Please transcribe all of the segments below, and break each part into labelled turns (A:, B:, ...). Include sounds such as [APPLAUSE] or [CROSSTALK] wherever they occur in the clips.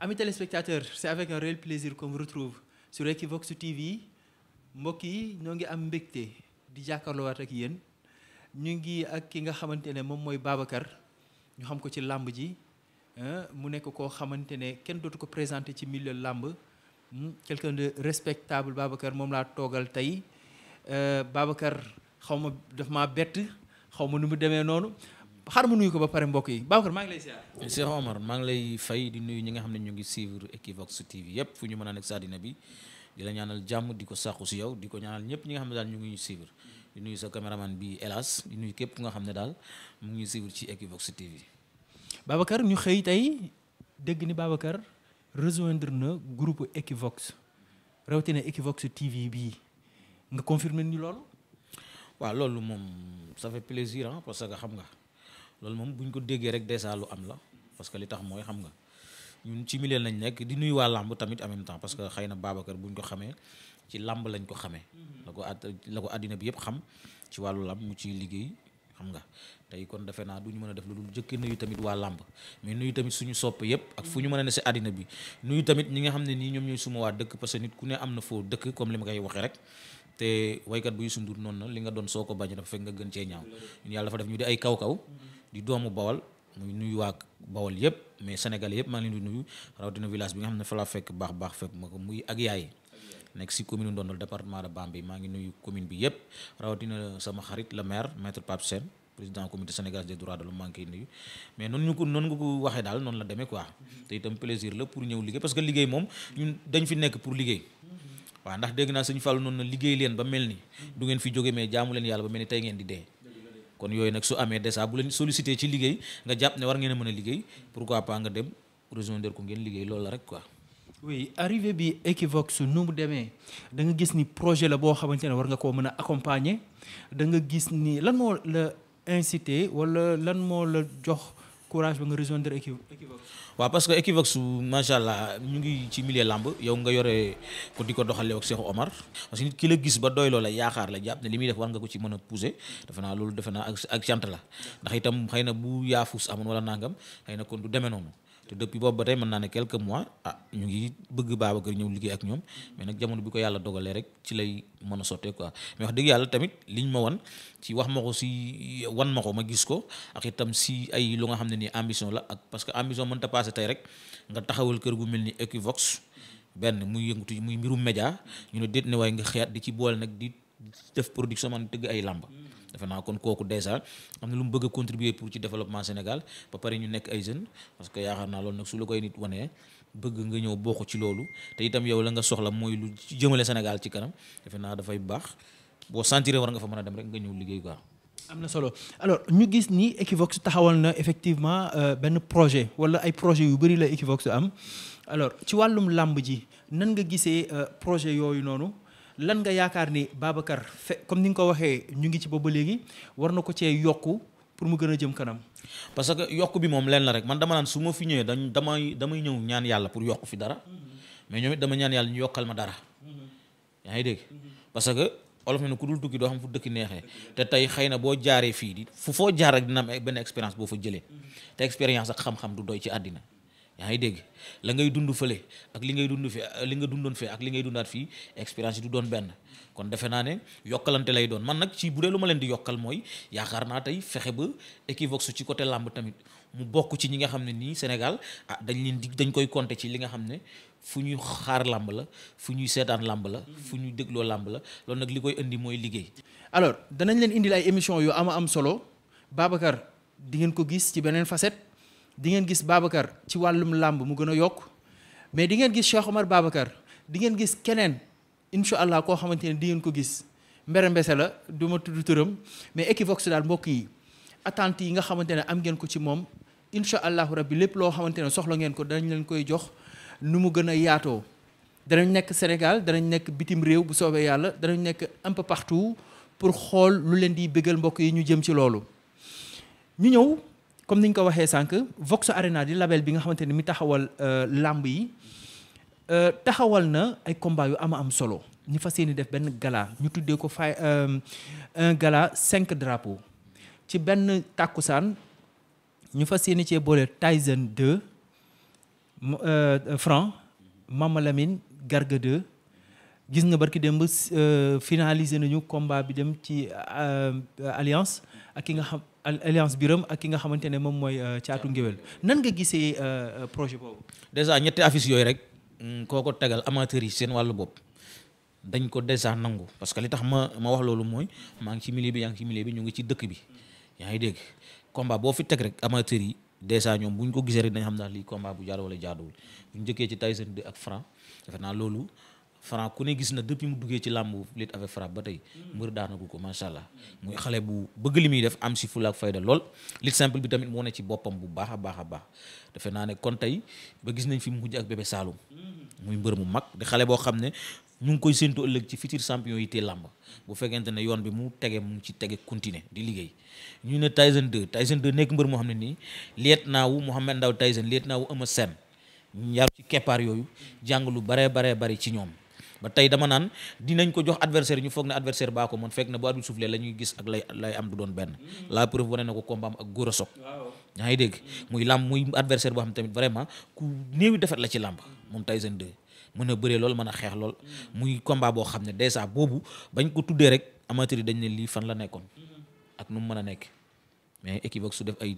A: amis téléspectateurs c'est avec un réel plaisir qu'on vous retrouve sur Equivox TV mbokk yi ñoo ngi am mbégte di jàkkaarloowaat ak yéen ñu ngi ak ki nga xamante ne moom mooy Babacar ñu xam ko ci làmb ji mu nekk koo xamante ne kenn dootu ko présenté ci milieu làmb hmm, quelqu'un de respectable Babacar moom laa toogal tey euh, Babacar xaw ma daf maa bett xaw ma nu mu
B: demee noonu xaar mu nuyu ko ba pare mbokk yi Babacar maa ngi lay ziar. Eh, Cheikh Omar maa ngi lay fay di nuyu ñi nga xam ne ñu ngi suivre Equivox TV yëpp fu ñu mën a nekk sa àddina bi di la ñaanal jàmm di ko sàqu si yow di ko ñaanal ñëpp ñi nga xam ne daal ñu ngi ñu suivre di nuyu sa caméraman bi hélas di nuyu képp nga xam ne daal mu ngi ñu suivre ci Equivox TV.
A: Babacar ñu xëy tey dégg ni Babacar rejoindre na groupe Equivox rawatina Equivox TV bii nga confirmer ni loolu.
B: waaw loolu moom ça fait plaisir ah xam nga. loolu moom bu ñu ko déggee rek dèjà lu am la parce que li tax mooy xam nga ñun ci milieu lañ nekk di nuyu waa làmb tamit en même temps parce que xëy na Babacar buñ ko xamee ci làmb lañ ko xamee. la ko at àddina bi yëpp xam ci wàllu mu ciy liggéey xam nga tey kon defe naa du ñu mën a def lu dul nuyu tamit waa làmb mais nuyu tamit suñu sopp yëpp ak fu ñu mën a ne si àddina bi nuyu tamit ñi nga xam ne nii ñoom ñooy suma waa dëkk parce que nit ku ne am na foo dëkk comme li ma koy waxee rek. te waykat bu Youssou noonu na li nga doon soo ko bañ dafa fekk nga gën cee ñaaw ñun yàlla dafa def ñu di ay kaw kaw di doomu bawal muy nuyu waa bawal yëpp mais Sénégal yëpp maa ngi nuyu rawatina village bi nga xam ne fa fekk baax baax fekk ma ko muy ak yaay nekk si commune Ndondol département de Bambey maa ngi nuyu commune bi yëpp rawatina sama xarit le maire maître Pape président comité sénégalais des droits de l'homme maa nuyu mais noonu nga ko waxee daal noonu la demee quoi te itam plaisir la pour ñëw liggéey parce que liggéey moom dañ fi nekk pour liggéey kon yooyu nag su amee dèjà bu leen sollicité ci liggéey nga jàpp ne war ngeen a mën a liggéey pourquoi pas nga dem rejoindre ko ngeen liggéey loolu la rek quoi.
A: oui arrivé bi Equivox nu mu demee da nga gis ni projet la boo xamante ne war nga koo mën a accompagner da nga gis nii lan moo la incité wala lan moo la jox. courage ba nga rejoindre Equivox.
B: waaw parce que Equivox macha allah ñu ngi ci milieu làmb yow nga yore ko di ko doxalee ak Cheikh Omar parce que nit ki la gis ba doy loola yaakaar la jàpp ne li muy def war nga ko ci mën a pousser defe naa loolu defe naa ak ak ant la ndax itam xëy na bu yaafus amoon wala nangam xëy na kon du demee noonu. te depuis boobu ba tey mën naa ne quelques mois ah ñu ngi bëgg Babacar ñëw liggéey ak ñoom mais nag jamono bi ko yàlla dogalee rek ci lay mën a sottee quoi mais wax dëgg yàlla tamit liñ ma wan ci wax ma ko si wan ma ko ma gis ko ak itam si ay lu nga xam ne nii ambition la ak parce que ambition mën ta passé tey rek nga taxawal kër gu mel ni Equivox benn muy yëngatu muy mbiru média ñu ne déet ne waaye nga xeet di ci boole nag di def production man tëgg ay làmb defe naa kon kooku dèjà am na lu mu bëgg a contribuer pour ci développement Sénégal ba pare ñu nekk ay jeunes parce que yaakaar naa loolu nag su la koy nit wanee bëgg nga ñëw bokk ci loolu te itam yow la nga soxla mooy lu jëmale Sénégal ci kanam defe naa dafay baax boo sentiree war nga fa mën a dem rek nga ñëw liggéey quoi.
A: am na solo alors ñu gis nii Equivox taxawal na effectivement euh, benn projet wala ay projet yu bëri la Equivox am alors ci wàllum làmb ji nan nga gisee euh, projet yooyu noonu. lan nga yaakaar ni Babacar fe comme ni nga ko waxee ñu ngi ci ba ba léegi war na ko cee yokku pour mu gën a jëm kanam.
B: parce que yokk bi moom leen la rek man dama naan su ma fi ñëwee dañ damay damay ñëw ñaan yàlla pour yokk fi dara mm-hmm. mais ñoom it dama ñaan yàlla ñu yokkal ma dara. Mm-hmm. yaa ngi dégg mm-hmm. parce que olof na ku dul tukki doo xam fu dëkk neexee te tey xëy na boo jaaree fii di fu foo jaar rek dina am benn expérience boo fa jëlee te expérience ak xam-xam du doy ci àddina. yaa ngi dégg la ngay dund fële ak li ngay dundu fi li nga dundoon fee ak li ngay dundaat fii expérience yi du doon benn kon defe naa ne yokkalante lay doon man nag ci bu dee lu ma leen di yokkal mooy yaakaar naa tey fexe ba Equivox ci côté làmb tamit mu bokk ci ñi nga xam ne nii Sénégal ah dañ leen di dañ koy compter ci li nga xam ne fu ñuy xaar làmb la fu ñuy seetaan làmb la fu ñuy dégloo làmb la loolu nag li koy indi mooy liggéey. alors danañ leen indil ay émissions yu ama am solo
A: Babacar di ngeen ko gis ci beneen facette. di ngeen gis Babacar ci wàllum làmb mu gën a yokk mais di ngeen gis Cheikh Omar Babacar di ngeen gis keneen incha allah koo xamante ne di ko gis mbere mbese la du ma tudd turam mais Equivox daal mbokk yi attentes yi nga xamante ne am ngeen ko ci moom incha allahu bi lépp loo xamante ne soxla ngeen ko danañ leen koy jox nu mu gën a yaatoo danañ nekk Sénégal danañ nekk bitim réew bu soobee yàlla danañ nekk un peu pour xool lu leen di bëggal mbokk yi ñu jëm ci loolu ñëw comme ni ñu ko waxee sànq Vox Arena di label bi nga xamante ni mi taxawal euh, làmb yi euh, taxawal na ay combat yu ama am solo ñu fas yéene def benn gala ñu tuddee ko fay euh, gala cinq drapeaux ci benn tàkkusaan ñu fas yéene cee boole Tyson 2 Franc Mama Lamine Garga 2 gis nga barki démb finaliser nañu combat bi dem ci alliance ak ki nga xam. alliance biram ak ki nga xamante ne moom mooy euh, caatu ngéwél nan nga gisee euh, euh, projet boobu.
B: dèjà ñetti affice yooyu rek mm, koo ko tegal amateurs yi seen wàllu bopp dañ ko dèjà nangu parce que li tax ma ma wax loolu mooy maa ngi ci mili bi yaa ngi bi ñu ngi ci dëkk bi yaa ngi dégg combat boo fi teg rek amateurs yi dèjà ñoom bu ñu ko gisee rek dañ xam daal lii combat bu jaadu wala jaaduwul bu ñu ci Tyson 2 ak Franc defe loolu. Franc ku ne gis na depuis mu duggee ci làmb lutte avec frappe ba tey mbër daanagu ko macha allah muy xale bu bëgg li muy def am si fula ak fayda lool lutte simple bi tamit moo ne ci boppam bu baax a baax a baax defe naa ne kon tey ba gis nañ fi mu mujj ak bébé Saloum muy mbër mu mag di xale boo xam ne ñu ngi koy séntu ëllëg ci futur champion yi te làmb bu fekkente ne yoon bi mu tege mu ci tege continuer di liggéey ñu ne Tyson 2 Tyson 2 nekk mbër moo xam ne nii liet naawu Mouhamed Ndao Tyson liet naawu Eumeu Sène yaru ci keppaar yooyu jàng lu baree baree bari ci ñoom ba tey dama naan dinañ ko jox adversaire ñu foog ne adversaire baa ko mën fekk na bu arbitre soufflé la ñuy gis ak lay lay am du doon benn mm-hmm. la preuve wane na ko combat am ak góor a soog yaa ngi dégg mm-hmm. muy làmb muy adversaire boo xam tamit vraiment ku néewi defet la ci làmb moom Tyson 2 mën a bëree lool mën a xeex lool mm-hmm. muy combat boo xam ne dèjà boobu bañ ko tuddee rek amateur yi dañ ne lii fan la nekkoon ak nu mu mën a nekk mais Equivox su def ay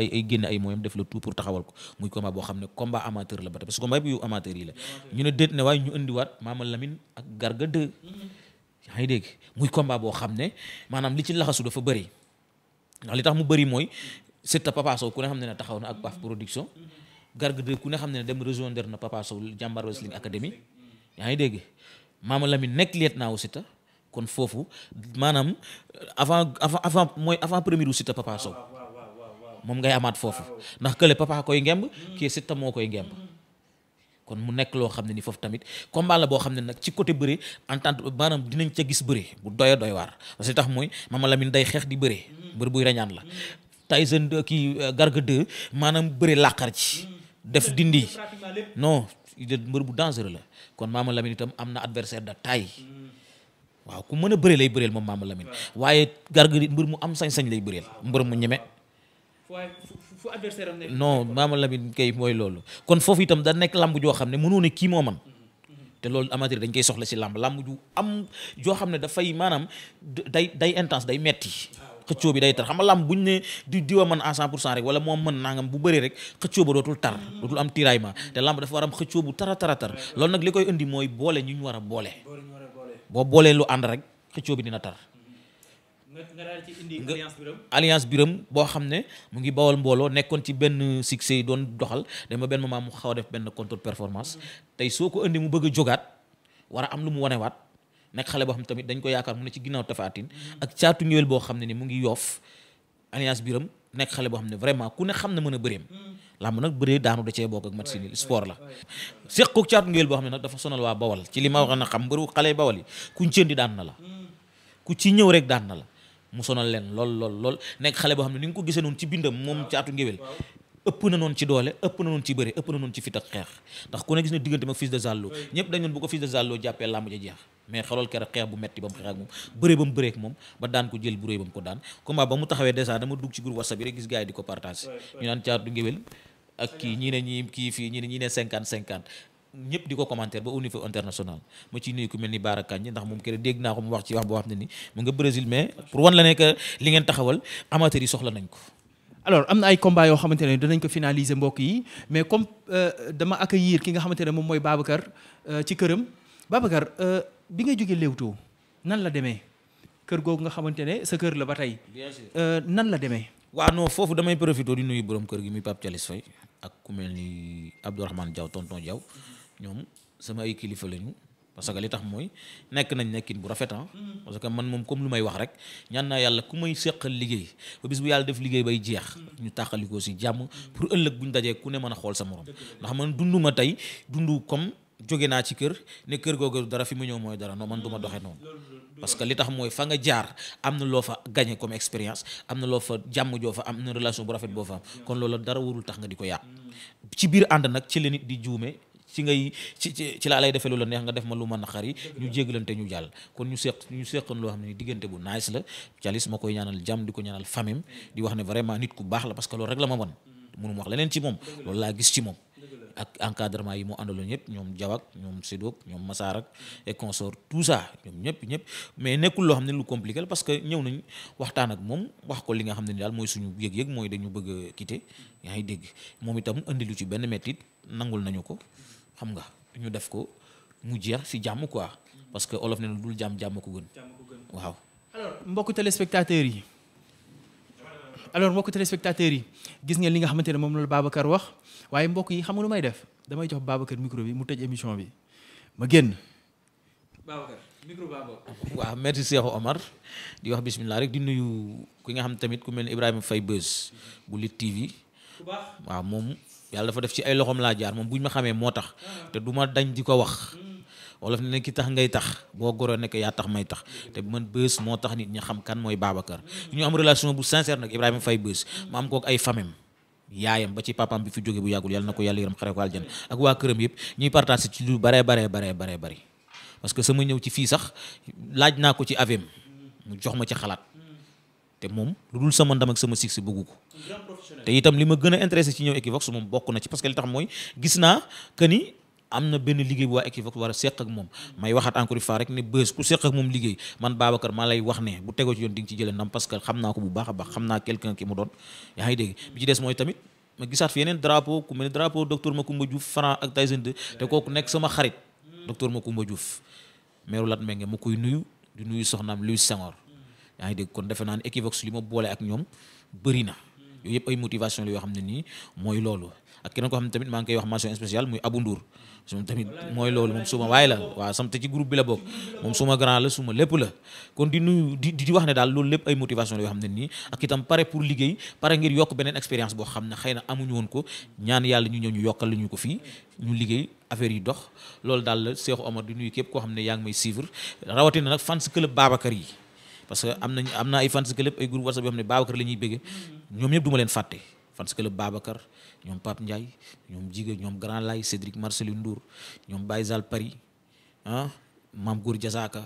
B: ay ay génn ay moyens def la tout pour taxawal ko muy combat boo xam ne combat amateur la ba tey parce que combat bi yu amateur yi la ñu ne déet ne waaye ñu indiwaat Mama Lamine ak Garga yaa ngi dégg muy combat boo xam ne maanaam li ci laxasu dafa bëri ndax li tax mu bëri mooy Siteu Papa ku ne xam ne taxaw na ak Paf production Garga 2 ku ne xam ne dem rejoindre na Papa Sow Jàmbaar Wrestling Academy yaa ngi dégg Mama Lamine nekk lieutenant wu Siteu kon foofu maanaam avant avant avant mooy avant premier wu Siteu Papa Sow moom ngay amaat foofu ndax kële papa koy ngemb kii Siteu moo koy ngemb kon mu nekk loo xam ne ni foofu tamit combat la boo xam ne nag ci côté bëre en tant maanaam dinañ ca gis bëre bu doya doy waar parce que tax mooy Mama Lamine day di bëre mbër buy rañaan la Tyson kii euh, Garga maanaam bëre làqar ci def dindi non mbër bu dangereux la kon Mama Lamine itam am na adversaire de taille waaw ku mën a bëre lay bëreel moom Mama Lamine waaye Garga mbër mu am sañ-sañ lay bëreel mbër mu ñeme
A: fu adversaire am nekk non
B: Maama Lamine kay mooy loolu kon foofu itam da nekk lamb joo xam ne mënoo ne kii moo man te loolu amateur dañ koy soxla si làmb làmb ju am joo xam ne dafay maanaam day day intense day metti xëccoo bi day tar xam nga làmb buñ ne di diwa man à 100 pour cent rek wala moom mën nangam bu bëree rek xëccoo ba dootul tar dootul am tiraillement te làmb dafa war am xëccoo bu tara tara tar loolu nag li koy indi mooy boole ñu ñu war a boole boo boolee lu ànd rek xëccoo bi dina tar nga daal ci indi alliance biram boo xam ne mu ngi bawal mbooloo nekkoon ci benn succès yi doon doxal dama benn maam mu xaw a def benn contre performance mm-hmm. tey soo ko indi mu bëgg a jógaat war am lu mu wanewaat nekk xale boo xam tamit dañ ko yaakaar mu ne ci ginnaaw tafaatin mm-hmm. ak caatu ñëwel boo xam ne ni mu ngi yoof alliance biram nekk xale boo xam ne vraiment ku ne xam ne mën a bëri mm-hmm. làmb nag bëree daanu da cee bokk ak mat sinil sport la séq ko caatu ngéwél boo xam ne nag dafa sonal waa bawal ci li ma wax na xam mbëru xale bawal yi kuñ cëndi daan na la ku ci ñëw rek daan na la mu sonal leen lool lool lool nekk xale boo xam ne ni nga ko gisee noonu ci bindam moom caatu ngéwél ëpp na noonu ci doole ëpp na noonu ci bëre ëpp na noonu ci fit ak xeex ndax ku ne gis na diggante ma fils de Zallo ñëpp dañoon bu ko fils de Zallo jàppee làmb ja jeex mais xelal keroog xeex bu metti ba mu xeex ak moom bëree ba ba daan ko jël bu ko daan combat ba mu taxawee dèjà dama dugg ci groupe whatsapp bi rek gis gars di ko partage ñëpp di ko commentaire ba au international ma ciy nuyu ku mel ni Baara Kañ ndax moom kër dégg naa ko mu wax ci wax boo xam ne ni mu nga Brésil mais pour wan la ne li ngeen taxawal amateurs yi soxla nañ ko. alors am na ay combat yoo xamante ne danañ ko finaliser mbokk yi mais comme euh,
A: dama yiir ki nga xamante ne moom mooy Babacar euh, ci këram Babacar euh, bi ngay jógee
B: Leewtoo nan la demee kër googu nga xamante ne sa kër la ba tey. bien nan la demee. waaw non foofu damay profité di nuyu borom kër gi muy Pape Thialis Faye ak ku mel ni Abdourahmane Diaw tonton Diaw. ñoom sama ay kilifa lañu parce que li tax mooy nekk nañ nekkin bu rafet ah. mm-hmm. parce que man moom comme lu may wax rek ñaan naa yàlla ku may seqal liggéey ba bis bu yàlla def liggéey bay jeex mm-hmm. ñu tàqalikoo si jàmm mm-hmm. pour ëllëg bu ñu dajee ku ne mën a xool sa morom ndax man dund ma tey dund comme jóge naa ci kër ne kër googu dara fi mu ñëw mooy dara non man du ma doxee noonu parce que li tax mooy fa nga jaar am na loo fa gagné comme expérience am na loo fa jàmm joo fa am na relation bu rafet boo fa kon loolu dara tax nga di ko yàq ci ngay ci ci laa lay defee lu la neex nga def ma lu ma naqari ñu jégalante ñu jàll kon ñu seq ñu seqan loo xam ne diggante bu nice la Thialis ma koy ñaanal jàmm di ko ñaanal famim di wax ne vraiment nit ku baax la parce que loolu rek la ma mën mënum wax leneen ci moom loolu laa gis ci moom ak encadrement yi mu àndaloon yëpp ñoom jawak ñoom sédoog ñoom masaar ak et tout ça ñëpp ñëpp mais nekkul loo xam ne lu compliqué la parce que ñëw nañ waxtaan ak moom wax ko li nga xam ne ni daal mooy suñu yëg-yëg mooy dañu bëgg a quitter yaa ngi dégg moom itam indi lu ci benn mettit nangul nañu ko xam nga ñu def ko mu jeex si jàmm quoi parce que olof ne na dul jàmm jàmm ko gën. waaw.
A: alors mbokku yi alors mbokku téléspectateurs yi gis ngeen li nga xamante ne moom loolu Babacar wax waaye mbokk yi xam nga lu may
B: def damay jox Babacar micro bi mu tëj émission bi ma génn.
A: Babacar micro merci
B: Cheikh Omar di wax bismillah rek di nuyu ki nga xam tamit ku mel ni Ibrahima Faye Beuz bu Lit TV. waaw moom. yàlla dafa def ci ay loxoom laajaar moom bu ñu ma xamee moo tax te du ma dañ di ko wax wolof ne tax ngay tax boo goro nekk yaa tax may tax te man bés moo tax nit ña xam kan mooy Babacar ñu am relation bu sincère nag Ibrahima fay bés ma am kook ay famem yaayam ba ci papaam bi fu jóge bu yàggul yàlla na ko yàlla yërëm xare ko aljana ak waa këram yëpp ñuy partage ci lu bare bare bare bare bëri parce que sama ñëw ci fii sax laaj naa ko ci avem mu jox ma ci xalaat te moom lu dul sama ndam ak sama succès bëggu ko te itam li ma gën a intéressé ci ñëw Equivox moom bokk na ci parce que li tax mooy gis naa que ni am na benn liggéey bu waa Equivox war a seq moom may waxaat encore une fois rek ne bés ku seq moom liggéey man Babacar maa lay wax ne bu tegoo ci yoon di ci jëlee ndam parce que xam naa ko bu baax a baax xam naa quelqu'un ki mu doon yaa dégg bi ci des mooy tamit ma gisaat fi yeneen drapeau ku mel yaa ngi dégg kon defe naa ne Equivox li ma boole ak ñoom bëri na yooyu yëpp ay motivation la yoo xam ne nii mooy loolu ak keneen ko xam ne tamit maa ngi koy wax ma spéciale muy Abou mooy loolu moom suma waaye la waaw sam te la bokk moom suma grand la suma lépp la kon di nuyu di di wax ne daal loolu lépp ay motivation la yoo xam ne nii ak itam pare pour liggéey pare ngir yokk beneen expérience boo xam ne xëy na amuñu woon ko ñaan yàlla ñu ñëw ñu yokkal la ñu ko fii ñu liggéey affaire yi dox loolu daal la Cheikh di nuyu képp koo xam ne yaa ngi may suivre rawatina nag fans club parce que am nañ am na ay fans club ay groupe WhatsApp yoo xam ne Babacar la ñuy bëgge ñoom ñëpp du ma leen fàtte fans club Babacar ñoom Pape Ndiaye ñoom Jiga ñoom Grand Lay Cédric Marcelin Ndour ñoom Baye Zal Paris ah Mame Gour Diazaka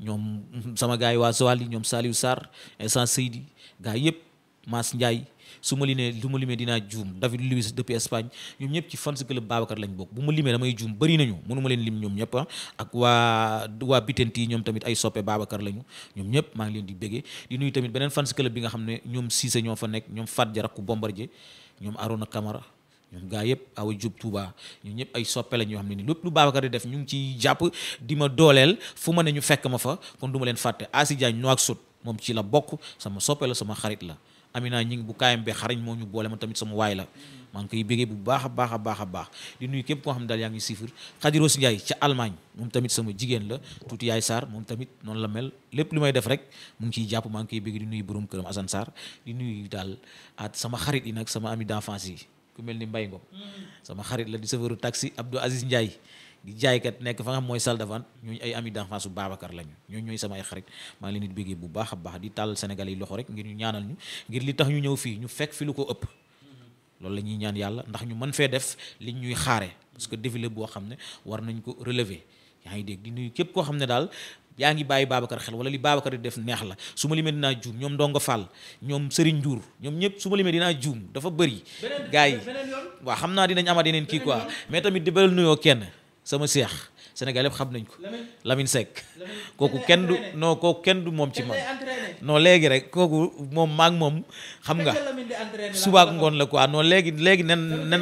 B: ñoom sama gars yi waa Sowali ñoom Saliou Sarr Insan Seydi gars yëpp Mass Ndiaye su ma limee su ma limee dinaa juum David Luiz depuis Espagne ñoom ñëpp ci fans club Babacar lañ bokk bu ma limee damay juum bëri nañu mënu ma leen lim ñoom ñëpp ah. ak waa waa Bitenti ñoom tamit ay soppe Babacar lañu ñoom ñëpp maa ngi leen di béggee di nuyu beneen fans club bi nga xam ne ñoom Cissé ñoo fa nekk ñoom Fat Dia rakku Bombardier ñoom Arona Camara ñoom gaa yëpp awa jub Touba ñoom ñëpp ay soppe la ñoo xam ne ni lépp lu Babacar di def ñu ngi ciy jàpp di ma dooleel fu ma ne ñu fekk ma fa kon du ma leen fàtte Asi Diagne noo ak sut moom ci la bokk sama soppe sama xarit la Amina ñi ngi bu kaayam bi xarañ moo ñu boole ma tamit sama waay la maa ngi koy bégee bu baax a baax a baax baax di nuyu képp koo xam ne daal yaa ngi siifir Khadiros Ndiaye ca Allemagne moom tamit sama jigéen la tuuti yaay Sarr moom tamit noonu la mel lépp lu may def rek mu ngi ciy jàpp maa ngi koy bégee di nuyu borom këram Assane Sarr di nuyu daal at sama xarit yi nag sama ami d'enfance yi ku mel ni mbay Ngom mm-hmm. sama xarit la di chauffeur taxi Abdou Aziz Ndiaye di jaaykat nekk fa nga xam mooy salle de vente ñooñu ay ami d'enfance bu Babacar lañu ñooñu ñooy sama ay xarit maa ngi leen di bëggee bu baax a baax di tàllal Sénégal yi loxo rek ngir ñu ñaanal ñu ngir li tax ñu ñëw fii ñu fekk fi lu ko ëpp loolu la ñuy ñaan yàlla ndax ñu man fee def li ñuy xaare parce que défilé boo xam ne war nañ ko relever yaa ngi dégg di nuyu képp koo xam ne daal yaa ngi bàyyi Babacar xel wala li Babacar di def neex la su ma limee dinaa juum ñoom Ndongo Fall ñoom Serigne Ndiour ñoom ñëpp su ma limee dinaa juum dafa bëri gars yi waaw xam naa dinañ amaat yeneen kii quoi mais tamit di beral nuyoo kenn sama seex Sénégal xam nañ ko lamin Seck [LAUGHS] kooku kenn du non kooku kenn du moom ci man non léegi rek kooku moom maak moom xam nga suba ak ngoon la quoi non léegi léegi nen nen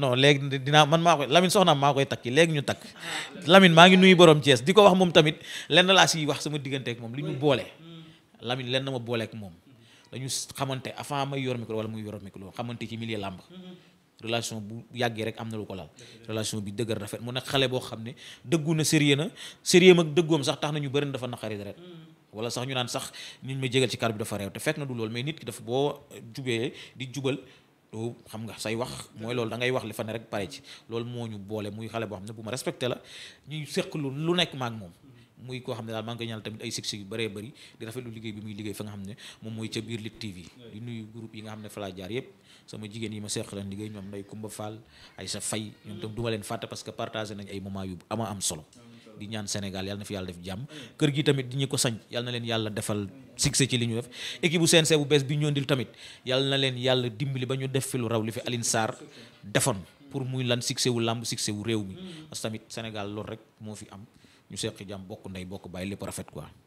B: non léegi dinaa man maa koy Lamine soxnaam maa koy takki léegi ñu takk lamin maa ngi nuyu borom Thiès di ko wax moom tamit lenn laa si wax sama diggante moom li ñu boole mm. Lamine lenn ma booleek moom dañu xamante avant may yor micro wala muy yor micro xamante ci milieu làmb mm-hmm. relation bu yàggee rek am na lu ko laal relation bi dëgër rafet mu nekk xale boo xam ne dëggu na sérieux na sérieux mag dëggoom sax tax na ñu bëri dafa naqari deret wala sax ñu naan sax niñ ma jégal ci kar bi dafa réew te fekk na du loolu mais nit ki dafa boo jubee di jubal doo xam nga say wax mooy loolu da wax li fa ne rek pare ci loolu moo ñu boole muy xale boo xam ne bu ma respecté la ñuy seq lu lu nekk maak moom muy koo xam ne daal maa yu bëree bëri di rafetlu liggéey bi muy liggéey fa nga ne moom mooy yi nga ne fa laa jaar sama jigéen yi ma seqalan liggéey ñoom nday Kumba Fall ay sa fay ñoom tam duma leen fàtte parce que partagé nañ ay moment yu ama am solo di ñaan Sénégal yàlla na fi yàlla def jàmm kër gi tamit di ñu ko sañ yàlla na leen yàlla defal succès ci li ñu def équipe seen CNC bu bees bi ñoondil tamit yàlla na leen yàlla dimbali ba ñu def fi lu raw li fi alin saar defoon pour muy lan succès wu làmb succès wu réew mi parce tamit Sénégal loolu rek moo fi am ñu seq jàmm bokk ndey bokk bàyyi rafet quoi